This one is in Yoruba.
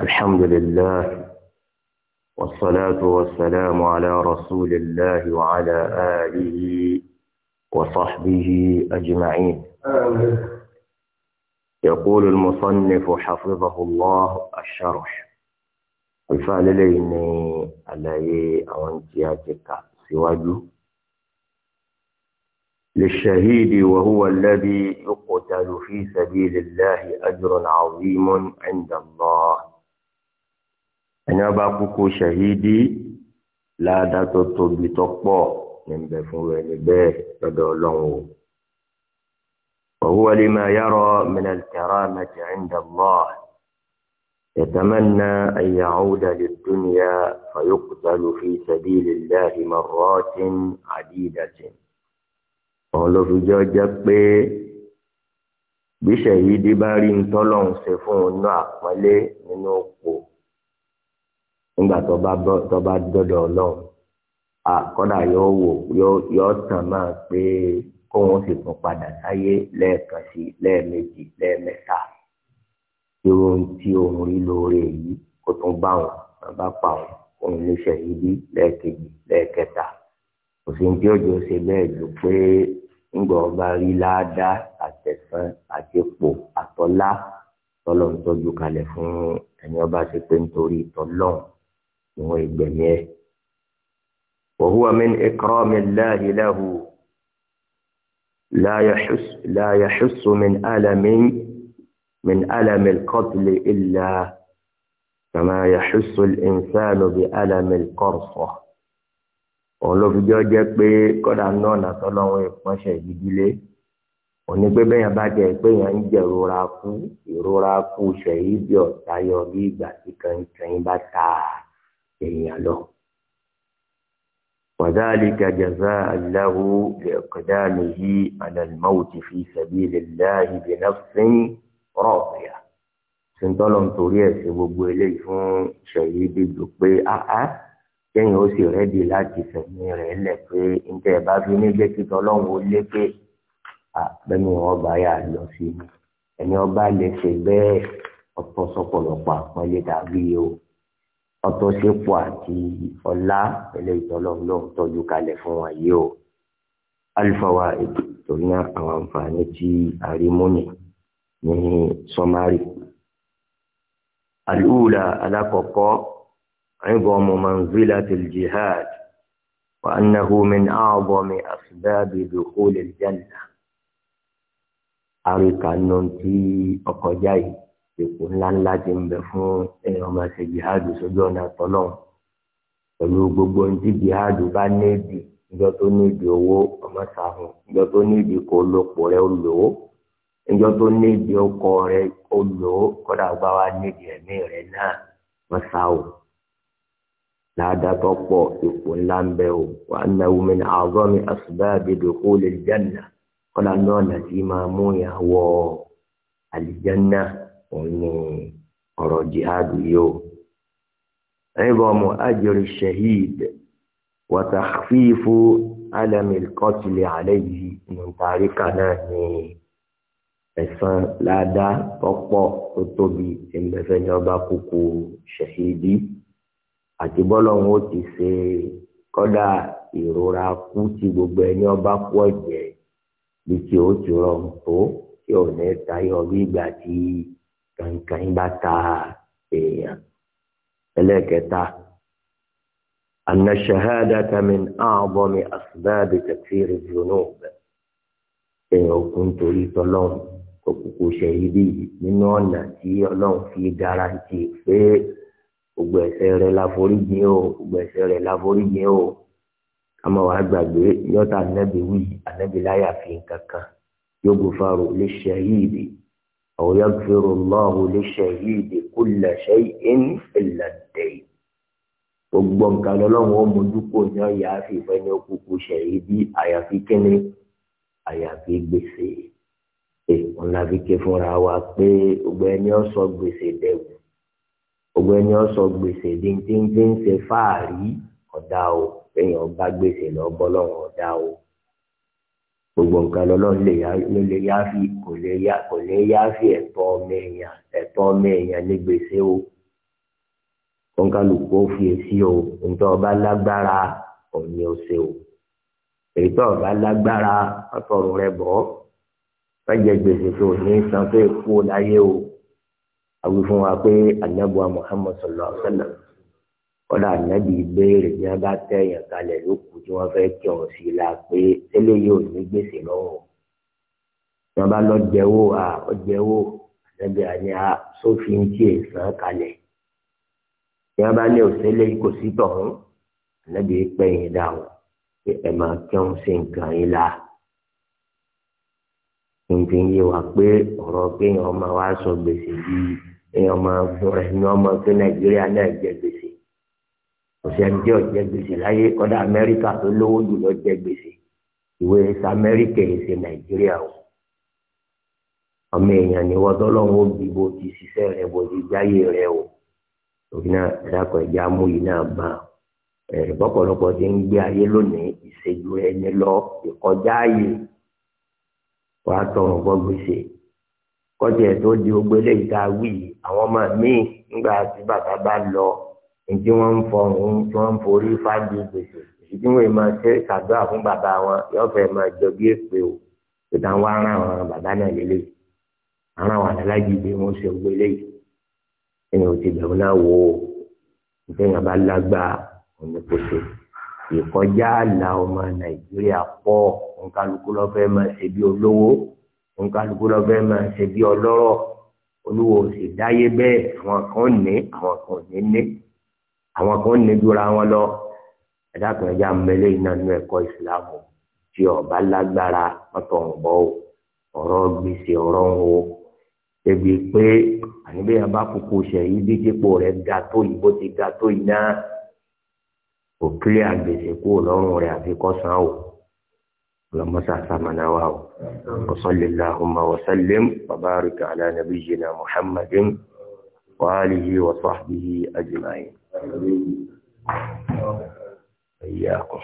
الحمد لله والصلاة والسلام على رسول الله وعلى آله وصحبه أجمعين يقول المصنف حفظه الله الشرح الفعل ليني علي أوانتياتك سواجه للشهيد وهو الذي يقتل في سبيل الله أجر عظيم عند الله ẹni ọba kúkú ṣàhídì láàdá tó tóbi tó pọ̀ ní bẹ fún ẹni bẹ́ẹ̀ lọ́dọ̀ ọlọ́run o. وهو لما يرى من الكرامة عند الله يتمنى أن يعود للدنيا فيقتل في سبيل الله مرات عديدة ọlọ́ fi jọ jẹ́ pé bí ṣèyí bá rí ń tọ́lọ́hún ṣe fún un náà àpọ́nlé nínú òpó nígbà tó bá dọ́dọ̀ ọlọ́run àkọ́dà yóò wò yóò tàn máa pé kóun sì tún padà sáyé lẹ́ẹ̀kan sí lẹ́ẹ̀mejì lẹ́ẹ̀mẹ́ta irun tí òun rí lóore yìí kó tún bá wọn bàbá pa wọn òun níṣẹ́ yìí bí lẹ́ẹ̀kejì lẹ́ẹ̀kẹta kò sí ní ọjọ́ ṣe bẹ́ẹ̀ ju pé ńgbọ́ ọba rí ládàá àtẹ̀sán àtẹ̀pọ̀ àtọ́lá tọ́lọ́ ń tọ́jú kalẹ̀ fún ẹ̀yin ọba ṣe pé nítorí tọ́lọ́run ìwọ̀n ìgbẹ̀yẹ. wa huwa min ikramillahi lahu la yahus la yahussu min alamin min alamil qatli illa kama yahussu al-insanu bi alamil qarsa òun ló fi jọ jẹ́ pé kọ́dà náà nàtọ́lọ́wọ́ ìpọ́nṣẹ́ ìdílé òní pé bẹ́yàn bá jẹ́ pé yàn ń jẹ̀rora kú ìrora kú ṣẹ̀yí bí ọ̀tá yọ bí ìgbà tí kankan bá ta èèyàn lọ. وذلك جزاء له لإقدامه على الموت في سبيل الله بنفس راضية sentọlọ nítorí ẹsẹ gbogbo eléyìí fún ṣèyí dídò pé áá kẹyìn ó sì rẹdi láti fẹmí rẹ lẹ pé níta ẹ bá fi ní jẹ kí tọlọ́run ó lé pé àbẹmí wọn yà lọ sí ẹni ọba lè ṣe bẹ́ẹ̀ ọ̀pọ̀ sọpọlọpọ àpọnlé tàbí o ọtọ́sẹ́pọ̀ àti ọlá pẹ̀lú ìtọ́lọ́lọ́ tọ́jú kalẹ̀ fún wa yìí o alifawa ètò tó ní àwọn àǹfààní tí àrímúnì ní sọmárì. alúùlà alákọ̀ọ́kọ́ عظم منزلة الجهاد وأنه من أعظم أسباب دخول الجنة àríkànnà tí ọkọjá yìí ipò ńláńlá ti ń bẹ fún ẹ̀yàn ọmọ ṣe jihadu sójú ọ̀nà àtọ́lọ́hún pẹ̀lú gbogbo ohun tí jihadu bá nídìí níjọ́ tó nídìí owó ọmọ sàhùn níjọ́ tó nídìí kó lopò rẹ ó lò ó níjọ́ tó nídìí ọkọ rẹ ó lò ó kọ́dà bá wa nídìí ẹ̀mí rẹ náà wọ́n sá o ládàtọ̀ pọ̀ ipò ńlá ń bẹ o wà á náwó mi ní àwọn mi àṣùbẹ́ àbẹ̀dẹ̀ kó lè jẹ́ nà kọ́dà náà nà sí máa mú ìyàwó àlìjẹ́ náà òun ni ọ̀rọ̀ jihad yìí o. عظم أجر الشهيد وتخفيف ألم القتل عليه من تاركنا ẹ̀san ládàá tọ́pọ̀ tó tóbi ẹ̀mẹ́fẹ́ ní ọba kúkú ṣẹ̀hídì àti bọ́lọ́hún ó ti ṣe kọ́dà ìrora kú ti gbogbo ẹni ọba kú ọ̀jẹ̀ bí tí ó ti rọrùn tó tí ò ní tayọ bí ìgbà tí kankan bá ta èèyàn ẹlẹ́ẹ̀kẹta anna shahadata min a'zami asbab takfir dhunub èèyàn òkun torí tọ́lọ́run òkùnkù ṣẹ̀yìdì nínú ọ̀nà tí ọlọ́run fi garanti pé gbogbo ẹ̀ṣẹ̀ rẹ̀ láforíjì o gbogbo ẹ̀ṣẹ̀ rẹ̀ láforíjì o àmọ́ wàá gbàgbé yọ́tà ànábì wí ànábì láyà fi nǹkan yóò gbófarò lè ṣẹ̀yìdì أو يغفر الله للشهيد كل شيء إلا الدين gbogbo nǹkan lọ́lọ́run ó mójú kò ní ọ̀yà àfìfẹ́ ní òkùnkùn ṣẹ̀yìdì àyàfi kínní àyàfi gbèsè èèkùn lábíké fúnra wa pé ọgbẹ́ ni ó sọ gbèsè dẹ̀wù ọgbẹ́ ni ó gbèsè díndínlé ń ṣe fáàrí ọ̀dà o èèyàn bá gbèsè lọ́bọ́ lọ́run ọ̀dà o gbogbo nǹkan lọ́lọ́run ló lè yáfi kò lè yá kò lè yá sí ẹ̀tọ́ ọmọ èèyàn ẹ̀tọ́ ọmọ èèyàn ní gbèsè o kọ́ńkálùkù ó fi èsì o ntọ́ ọba lágbára òní ọ̀sẹ̀ o èyí tó ọba lágbára ọtọrùn rẹ bọ́ fẹ́jẹ̀ gbèsè tó ní san tó èkó láyé o àwọn fún wa pé anabuwa Muhammad sallallahu alaihi wa sallam kọ́dà nàbì ìbéèrè bí wọ́n bá tẹ̀yàn kalẹ̀ lókùn tí wọ́n fẹ́ kí ọ̀hún la pé tẹ́lẹ̀ yóò ní gbèsè lọ́wọ́ wọn bá lọ jẹwọ a ọjẹwọ ẹgbẹ àní à sófin tí è sàn kalẹ̀ wọn bá ní òṣèlè kò sí tọ̀hún ẹnẹbi pẹyìn dà wọn pé ẹ máa kẹun sí nǹkan yín la nǹkan yìí wà pé ọ̀rọ̀ kéèyàn máa wá sọ gbèsè bíi èèyàn máa gún rẹ ní ọmọ pé nàìjíríà náà jẹ gbèsè òṣèǹdí ọjẹ gbèsè láyé kódà amẹ́ríkà tó lówó jùlọ jẹ gbèsè ìwé sàmẹ́ríkà èsè nàìjíríà o ọmọ èèyàn ni wọ́n tọ́lọ́run bí bó ti ṣiṣẹ́ rẹ̀ bó ti jáyé rẹ̀ o torí náà ẹ̀dàkọ̀ ẹ̀já mú yìí náà bá ẹ̀rẹ̀bọ́pọ̀lọpọ̀ ti ń gbé ayé lónìí ìṣèjú ẹni lọ ìkọjá ayé wàá tọrọ bọ́ gbèsè kọ́tí ẹ̀ tó di ogbé lẹ́yìí tá a wí yìí àwọn ọmọ míì nígbà tí bàbá bá lọ ntí tí wọ́n ń forí fáájú gbèsè ìṣíjú wọn máa ṣe ṣàdúrà fún bàbá wọn yọ̀ọ́fẹ́ máa jọ bí èpè o ìtàn wa wọn bàbá náà lélẹ́yìí àwọn àwọn aláàjì bí wọ́n ṣe gbé léyìí ẹ̀yìn òtí bẹ̀rù náà wò ó ìfẹ̀yìn bá lágbá oníkóso ìkọjá àlà ọmọ nàìjíríà pọ̀ òǹkálukú lọ́fẹ́ máa ṣe bí olówó òǹkálukú lọ́fẹ́ máa ṣe bí ọlọ́rọ̀ olúwo sì dáyé bẹ́ẹ̀ àwọn kan ní àwọn kan ní ní àwọn kan ní dúra wọn lọ ẹ̀dá ẹja mẹ́lẹ́ iná nínú ẹ̀kọ́ ìsìlámù tí ọba lágbára mọ́tò ń bọ́ ọ̀rọ̀ gbèsè ọ̀rọ̀ ń wo ebi pé àníbẹ̀ yẹn bá kúkú ṣe yìí bí dípò rẹ̀ ga tó yìí bó ti ga tó yìí náà kò kílẹ̀ àgbèsè kú lọ́rùn rẹ̀ àfi kọ́ san o lọ́mọ́sá sàmánà wa o wasalilahuma wasalim babarika ala nabiyina muhammadin wa alihi wa sahbihi ajma'in. Iyyakum.